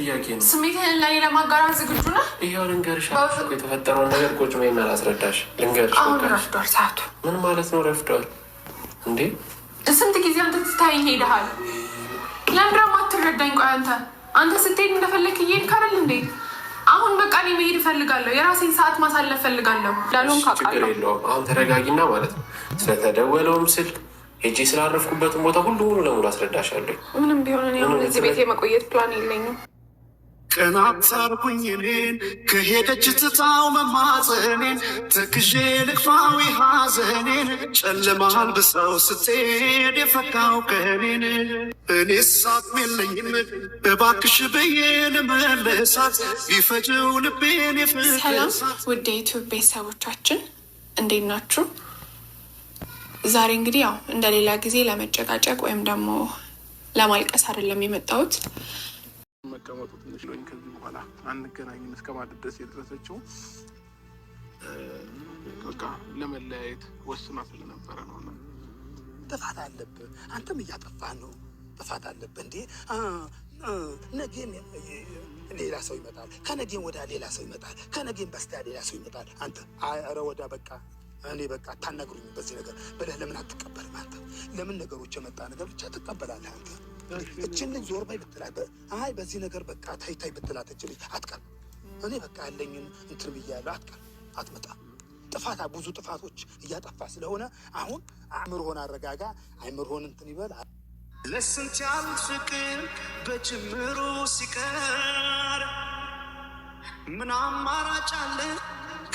ጥያቄ ነው። ስሜትህን ለእኔ ለማጋራት ዝግጁ ነህ? ይኸው ልንገርሽ የተፈጠረውን ነገር ቁጭ ብዬ እና ላስረዳሽ። ልንገርሽ አሁን ረፍዷል ሰዓቱ። ምን ማለት ነው ረፍዷል? እንዴ ስንት ጊዜ አንተ ትታይኝ ሄደሃል። ለምንድን ነው የማትረዳኝ? ቆይ አንተ አንተ ስትሄድ እንደፈለክ እየሄድ ካረል እንዴ አሁን በቃ እኔ መሄድ እፈልጋለሁ። የራሴን ሰዓት ማሳለፍ ፈልጋለሁ። ላሉን ችግር የለውም። አሁን ተረጋጊና ማለት ነው ስለተደወለውም ስልክ ሄጄ ስላረፍኩበትን ቦታ ሁሉ ሙሉ ለሙሉ አስረዳሻለሁ። ምንም ቢሆን እኔ እዚህ ቤት የመቆየት ፕላን የለኝም። ቀና አታርጉኝ እኔን ከሄደች ትታው መማፀኔን ተክዤ ሐዘኔን ስትሄድ የፈካው ቀኔን እኔ ሳት የለኝም እባክሽ ቢፈጅው ልቤን ውድ ቤተሰቦቻችን እንዴት ናችሁ? ዛሬ እንግዲህ ያው እንደሌላ ጊዜ ለመጨቃጨቅ ወይም ደግሞ ለማልቀስ አይደለም የመጣሁት መቀመጡ ትንሽ ለኝ ከዚህ በኋላ አንገናኝም እስከ ማለት ድረስ የደረሰችው በቃ ለመለያየት ወስና ስለነበረ ነው። ጥፋት አለብህ አንተም እያጠፋህ ነው። ጥፋት አለብህ እንዴ? ነገም ሌላ ሰው ይመጣል፣ ከነገም ወዳ ሌላ ሰው ይመጣል፣ ከነገም በስቲያ ሌላ ሰው ይመጣል። አንተ ኧረ ወዳ በቃ እኔ በቃ አታናግሩኝ በዚህ ነገር ብለህ ለምን አትቀበልም? አንተ ለምን ነገሮች የመጣ ነገር ብቻ ትቀበላለህ አንተ እችን ልጅ ዞር በይ ብትላት፣ አይ በዚህ ነገር በቃ ታይታይ ብትላት፣ እች ልጅ አትቀር። እኔ በቃ ያለኝን እንትን ብያለሁ፣ አትቀር፣ አትመጣ ጥፋታ ብዙ ጥፋቶች እያጠፋ ስለሆነ አሁን አእምሮህን አረጋጋ። አእምሮህን እንትን ይበል። ለስንት ያህል ፍቅር በጅምሩ ሲቀር ምን አማራጭ አለ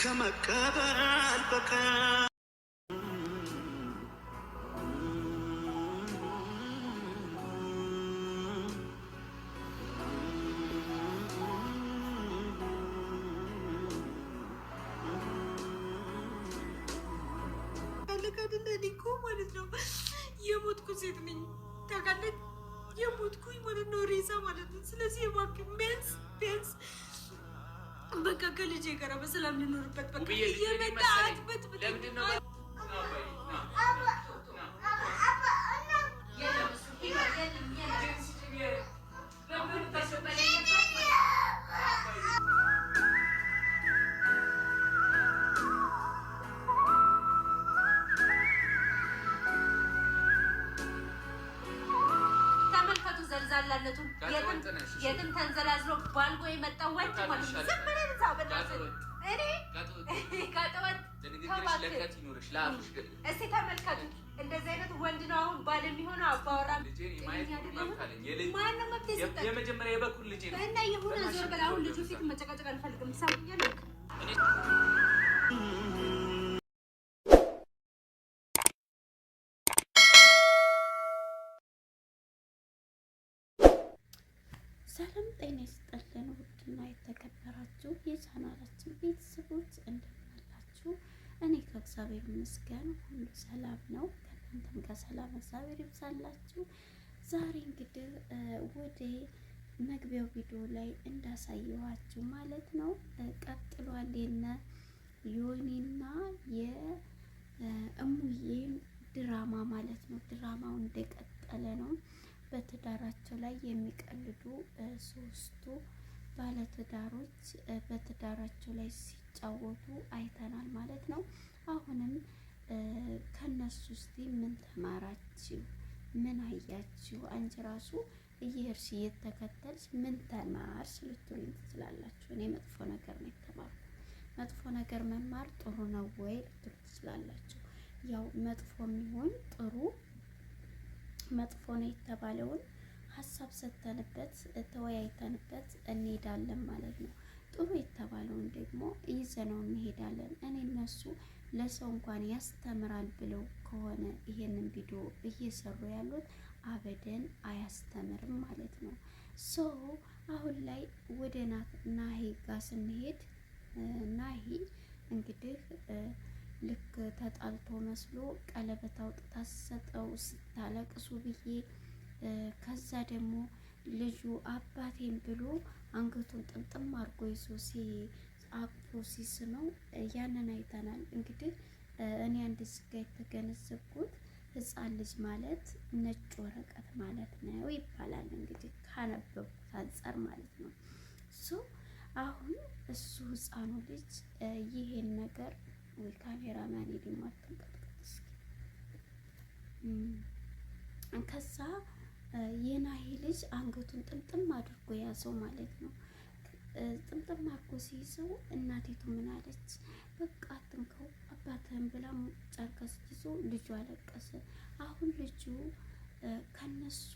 ከመቀበል በቀር? ታውቃለህ አይደለ? እኔ እኮ ማለት ነው የሞትኩ ሴት ነኝ ታውቃለህ። የሞትኩኝ ማለት ነው ሬሳ ማለት ነው። ስለዚህ እባክህ ቢያንስ ቢያንስ በቃ ከልጄ ጋር በሰላም ልኖርበት በቃ እየመጣ አትበት ማለቱን የትም ተንዘላዝሎ ባልጎ የመጣ ወንድ ማለት ነው። ዝም ብለን እዛው እስቲ ተመልከቱ። እንደዚህ አይነት ወንድ ነው አሁን ባል የሚሆነው። አባወራ ማንም መብት ይሰጣል። የመጀመሪያ የበኩል ልጄ ነው እና የሆነ ዞር በላ። አሁን ልጁ ፊት መጨቃጨቅ አልፈልግም። ትሰሙኛለህ? ጤና ይስጥልን ውድና የተከበራችሁ የቻናላችን ቤተሰቦች እንደምን እኔ ከእግዚአብሔር ይመስገን ሁሉ ሰላም ነው። ከእናንተም ጋር ሰላም እግዚአብሔር ይብዛላችሁ። ዛሬ እንግዲህ ወደ መግቢያው ቪዲዮ ላይ እንዳሳየኋችሁ ማለት ነው ቀጥሏል የነ ዮኒና የእሙዬ ድራማ ማለት ነው። ድራማው እንደቀጠለ ነው። በትዳራቸው ላይ የሚቀልዱ ሶስቱ ባለትዳሮች በትዳራቸው ላይ ሲጫወቱ አይተናል ማለት ነው። አሁንም ከነሱ ውስጥ ምን ተማራችሁ? ምን አያችሁ? አንቺ ራሱ እየሄድሽ እየተከተልሽ ምን ተማርሽ ልትሉኝ ትችላላችሁ። እኔ መጥፎ ነገር ነው የተማርኩ። መጥፎ ነገር መማር ጥሩ ነው ወይ ልትሉ ትችላላችሁ። ያው መጥፎ የሚሆን ጥሩ መጥፎ ነው የተባለውን ሀሳብ ሰተንበት ተወያይተንበት እንሄዳለን ማለት ነው። ጥሩ የተባለውን ደግሞ ይዘነው እንሄዳለን። እኔ እነሱ ለሰው እንኳን ያስተምራል ብለው ከሆነ ይሄንን ቪዲዮ እየሰሩ ያሉት አበደን አያስተምርም ማለት ነው። ሶ አሁን ላይ ወደ ናሂ ጋር ስንሄድ ናሂ እንግዲህ ልክ ተጣልቶ መስሎ ቀለበት አውጥታ ሰጠው ስታለቅሱ ብዬ ከዛ ደግሞ ልጁ አባቴን ብሎ አንገቱን ጥምጥም አድርጎ ይዞ አቅፎ ሲስመው ያንን አይተናል። እንግዲህ እኔ አንድ ስጋ የተገነዘብኩት ህፃን ልጅ ማለት ነጭ ወረቀት ማለት ነው ይባላል። እንግዲህ ካነበብኩት አንጻር ማለት ነው። እሱ አሁን እሱ ህፃኑ ልጅ ይሄን ነገር ወይ ካሜራ ማን ይድማት ተንቀጥቀጥ ከዛ የናሂ ልጅ አንገቱን ጥምጥም አድርጎ ያዘው ማለት ነው። ጥምጥም አድርጎ ሲይዘው እናቴቱ ምን አለች? በቃ አትንከው አባትህን ብላ ጨርቃ ስትይዞ ልጁ አለቀሰ። አሁን ልጁ ከነሱ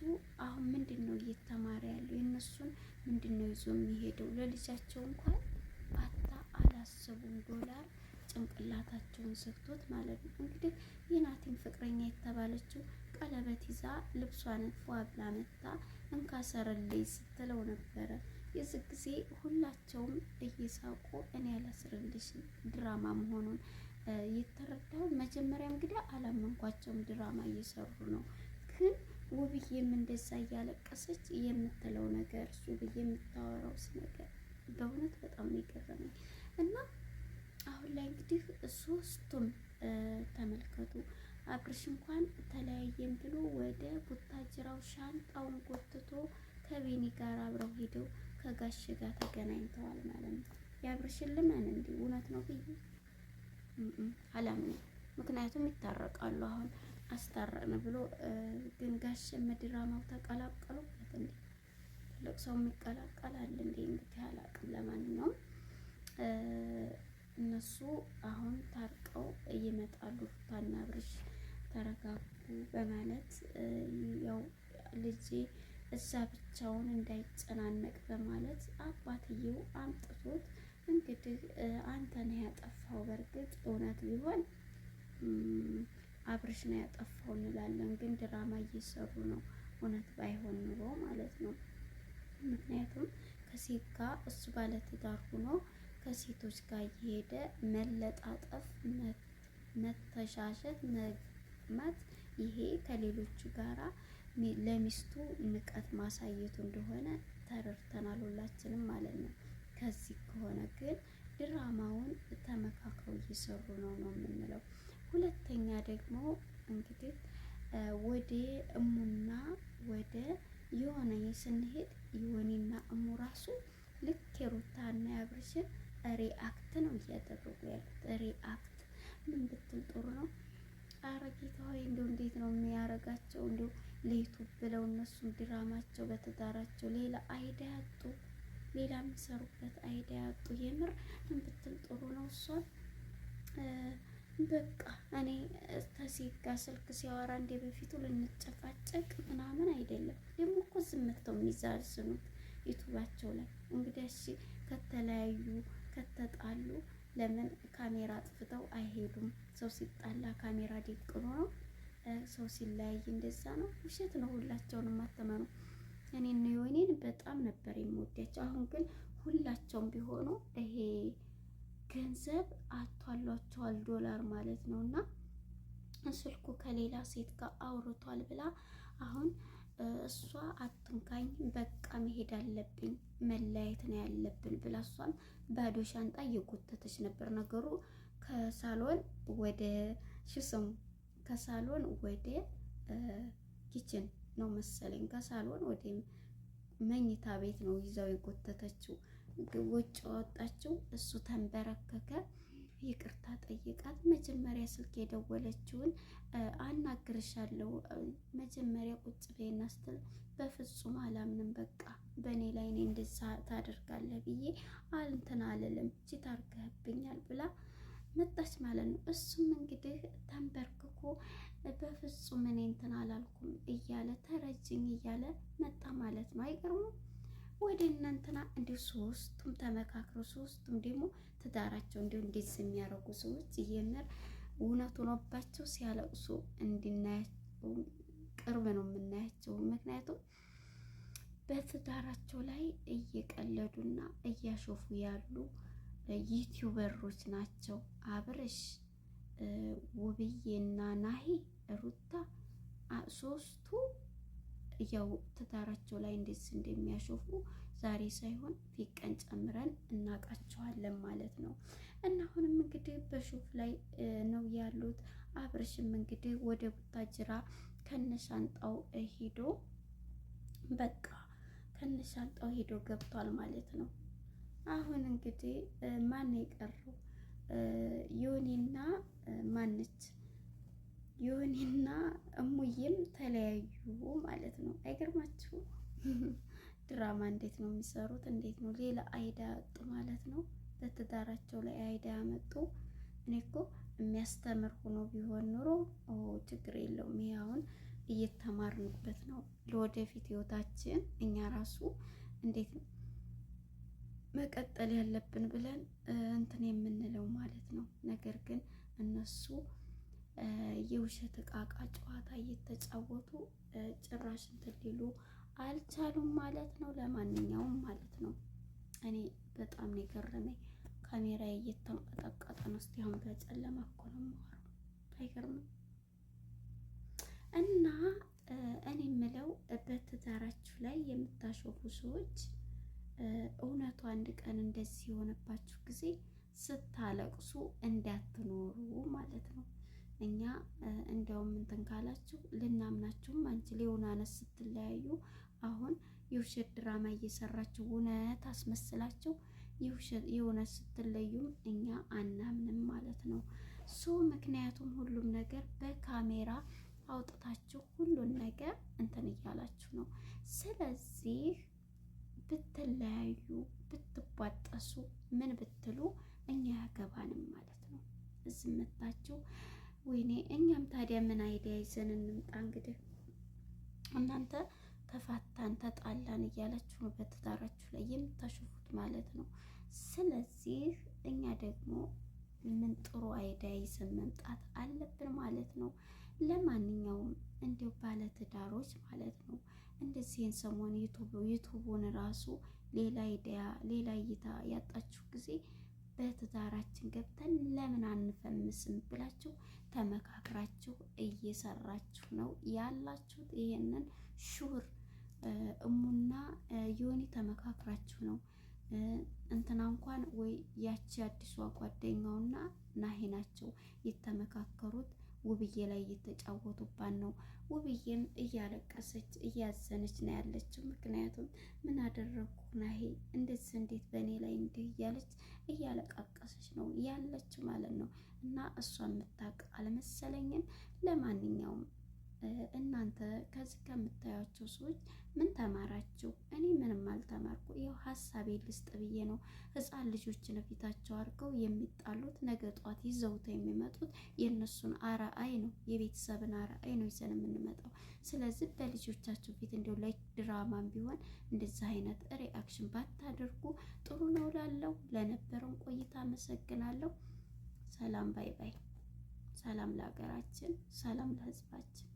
አሁን ምንድን ነው እየተማረ ያለው? የእነሱን ምንድን ነው ይዞ የሚሄደው? ለልጃቸው እንኳን አታ አላሰቡም ዶላር ጭንቅላታቸውን ዘግቶት ማለት ነው። እንግዲህ የናቲም ፍቅረኛ የተባለችው ቀለበት ይዛ ልብሷን ፏ ብላ መታ እንካሰርልኝ ስትለው ነበረ። የዚ ጊዜ ሁላቸውም እየሳቁ እኔ ያላስርልሽ ድራማ መሆኑን የተረዳው መጀመሪያ እንግዲህ አላመንኳቸውም፣ ድራማ እየሰሩ ነው። ግን ውብዬም እንደዛ እያለቀሰች የምትለው ነገር ብዬ የምታወራው ነገር በእውነት በጣም ነው የገረመኝ እና አሁን ላይ እንግዲህ ሶስቱን ተመልከቱ አብርሽ እንኳን ተለያየም ብሎ ወደ ቡታጅራው ሻንጣውን ጎትቶ ከቤኒ ጋር አብረው ሄደው ከጋሽ ጋር ተገናኝተዋል ማለት ነው። የአብርሽን ልመን እንዲ እውነት ነው ብዬ አላምነው። ምክንያቱም ይታረቃሉ። አሁን አስታረቅን ብሎ ግን ጋሽ ምድራማው ተቀላቀሉበት እንዴ? ትልቅ ሰው የሚቀላቀላል እንዴ? እንግዲህ አላቅም። ለማንኛውም እነሱ አሁን ታርቀው ይመጣሉ። ሩታና አብርሽ ተረጋጉ በማለት ያው ልጄ እዛ ብቻውን እንዳይጨናነቅ በማለት አባትየው አምጥቶት እንግዲህ አንተ ነህ ያጠፋው። በእርግጥ እውነት ቢሆን አብርሽ ነው ያጠፋው እንላለን፣ ግን ድራማ እየሰሩ ነው። እውነት ባይሆን ኑሮ ማለት ነው። ምክንያቱም ከሴት ጋር እሱ ባለትዳር ሆኖ ከሴቶች ጋር እየሄደ መለጣጠፍ፣ መተሻሸት፣ መቅማት ይሄ ከሌሎቹ ጋራ ለሚስቱ ንቀት ማሳየቱ እንደሆነ ተረድተናል ሁላችንም ማለት ነው። ከዚህ ከሆነ ግን ድራማውን ተመካክረው እየሰሩ ነው ነው የምንለው። ሁለተኛ ደግሞ እንግዲህ ወደ እሙና ወደ የሆነ ስንሄድ የሆነና እሙ ራሱ ልክ የሩታና ያብርሽን ሪአክት ነው እያደረጉ ያሉት። ሪአክት ምን ብትል ጥሩ ነው። አረ ጌታ ሆይ እንዲሁ እንዴት ነው የሚያረጋቸው? እንዲሁ ለዩቱብ ብለው እነሱም ድራማቸው በትዳራቸው ሌላ አይዳ ያጡ ሌላ የሚሰሩበት አይዳ ያጡ። የምር ምን ብትል ጥሩ ነው። እሷን በቃ እኔ ከሴት ጋር ስልክ ሲያወራ እንደ በፊቱ ልንጨፋጨቅ ምናምን አይደለም። ደግሞ እኮ ዝም ዝምተው የሚዛዝኑት ዩቱባቸው ላይ እንግዲህ እሺ ከተለያዩ ከተጣሉ ለምን ካሜራ አጥፍተው አይሄዱም? ሰው ሲጣላ ካሜራ ደቅኖ ነው። ሰው ሲለያይ እንደዛ ነው። ውሸት ነው። ሁላቸውን አተመኑ። እኔ የሆኔን በጣም ነበር የምወዳቸው። አሁን ግን ሁላቸውም ቢሆኑ ይሄ ገንዘብ አቷሏቸዋል፣ ዶላር ማለት ነው እና ስልኩ ከሌላ ሴት ጋር አውርቷል ብላ አሁን እሷ አትንካኝ፣ በቃ መሄድ አለብኝ፣ መለያየት ነው ያለብን ብላ እሷም ባዶ ሻንጣ እየጎተተች ነበር። ነገሩ ከሳሎን ወደ ሽስም ከሳሎን ወደ ኪችን ነው መሰለኝ፣ ከሳሎን ወደ መኝታ ቤት ነው ይዛው የጎተተችው። ውጭ ወጣችው። እሱ ተንበረከከ። ይቅርታ ጠይቃት። መጀመሪያ ስልክ የደወለችውን አናግርሻለሁ መጀመሪያ ቁጭ በይና ስትል በፍጹም አላምንም፣ በቃ በእኔ ላይ እኔ እንደዛ ታደርጋለህ ብዬ አልንትን አልልም፣ ቺት አድርገህብኛል ብላ መጣች ማለት ነው። እሱም እንግዲህ ተንበርክኮ በፍጹም እኔ እንትን አላልኩም እያለ ተረጅኝ እያለ መጣ ማለት ነው። አይገርሙም? ወደ እናንተና እንዲሁ ሶስቱም ተመካክሮ ሶስቱም ደግሞ ትዳራቸው እንዲሁ እንዴት የሚያደርጉ ሰዎች የምር እውነት ሆኖባቸው ሲያለቅሱ እንድናያቸው ቅርብ ነው የምናያቸው። ምክንያቱም በትዳራቸው ላይ እየቀለዱና እያሾፉ ያሉ ዩቲዩበሮች ናቸው። አብርሽ ውብዬና ናሂ ሩታ ሶስቱ ያው ትዳራቸው ላይ እንዴት እንደሚያሾፉ ዛሬ ሳይሆን ፊት ቀን ጨምረን እናውቃቸዋለን ማለት ነው። እና አሁንም እንግዲህ በሹፍ ላይ ነው ያሉት። አብርሽም እንግዲህ ወደ ቡታጅራ ከነሻንጣው ሄዶ በቃ ከነሻንጣው ሄዶ ገብቷል ማለት ነው። አሁን እንግዲህ ማን የቀረው ዮኒና ማነች ዮኒና እሙዬም ተለያዩ ማለት ነው። አይገርማችሁ? ድራማ እንዴት ነው የሚሰሩት? እንዴት ነው ሌላ አይዳ ያጡ ማለት ነው። በትዳራቸው ላይ አይዳ ያመጡ። እኔ እኮ የሚያስተምር ሆኖ ቢሆን ኑሮ ችግር የለውም። ይሄ አሁን እየተማርንበት ነው። ለወደፊት ህይወታችን እኛ ራሱ እንዴት ነው መቀጠል ያለብን ብለን እንትን የምንለው ማለት ነው። ነገር ግን እነሱ የውሸት እቃቃ ጨዋታ እየተጫወቱ ጭራሽ እንትን ሊሉ አልቻሉም ማለት ነው። ለማንኛውም ማለት ነው እኔ በጣም ነው የገረመኝ። ካሜራ እየተንቀጠቀጠ ነው። እስቲ አሁን በጨለማ እኮ ነው የማወራው። አይገርምም? እና እኔ የምለው በትዳራችሁ ላይ የምታሾፉ ሰዎች እውነቱ አንድ ቀን እንደዚህ የሆነባችሁ ጊዜ ስታለቅሱ እንዳትኖሩ ማለት ነው። እኛ እንደውም እንትን ካላችሁ ልናምናችሁም አንቺ የሆነ ስትለያዩ አሁን የውሸት ድራማ እየሰራችሁ እውነት አስመስላችሁ የሆነ ስትለዩም እኛ አናምንም ማለት ነው። ሶ ምክንያቱም ሁሉም ነገር በካሜራ አውጥታችሁ ሁሉን ነገር እንትን እያላችሁ ነው። ስለዚህ ብትለያዩ ብትቧጠሱ ምን ብትሉ እኛ ያገባንም ማለት ነው ዝምታችሁ ወይኔ እኛም ታዲያ ምን አይዲያ ይዘን እንምጣ? እንግዲህ እናንተ ተፋታን ተጣላን እያላችሁ ነው በትዳራችሁ ላይ የምታሸፉት ማለት ነው። ስለዚህ እኛ ደግሞ ምን ጥሩ አይዲያ ይዘን መምጣት አለብን ማለት ነው። ለማንኛውም እንዲሁ ባለትዳሮች ማለት ነው እንደዚህን ሰሞን ዩቱቡን ራሱ ሌላ አይዲያ ሌላ እይታ ያጣችሁ ጊዜ በትዳራችን ገብተን ለምን አንፈምስም ብላችሁ ተመካክራችሁ እየሰራችሁ ነው ያላችሁት። ይሄንን ሹር እሙና ዮኒ ተመካክራችሁ ነው። እንትና እንኳን ወይ ያቺ አዲሷ ጓደኛውና ናሂ ናቸው የተመካከሩት። ውብዬ ላይ እየተጫወቱባት ነው። ውብዬም እያለቀሰች እያዘነች ነው ያለችው። ምክንያቱም ምን አደረግኩ ናሄ፣ እንደዚህ እንዴት በእኔ ላይ እንዲህ እያለች እያለቃቀሰች ነው ያለችው ማለት ነው። እና እሷ የምታውቅ አልመሰለኝም። ለማንኛውም እናንተ ከዚህ ከምታያቸው ሰዎች ምን ተማራችሁ? እኔ ምንም አልተማርኩ፣ ይኸው ሀሳቤ ልስጥ ብዬ ነው። ህፃን ልጆችን ፊታቸው አድርገው የሚጣሉት ነገ ጧት ይዘውት የሚመጡት የእነሱን አራአይ ነው፣ የቤተሰብን አራአይ ነው ይዘን የምንመጣው። ስለዚህ በልጆቻቸው ፊት እንዲሁ ላይ ድራማም ቢሆን እንደዚህ አይነት ሪአክሽን ባታደርጉ ጥሩ ነው። ላለው ለነበረውን ቆይታ አመሰግናለሁ። ሰላም ባይ ባይ። ሰላም ለሀገራችን፣ ሰላም ለህዝባችን።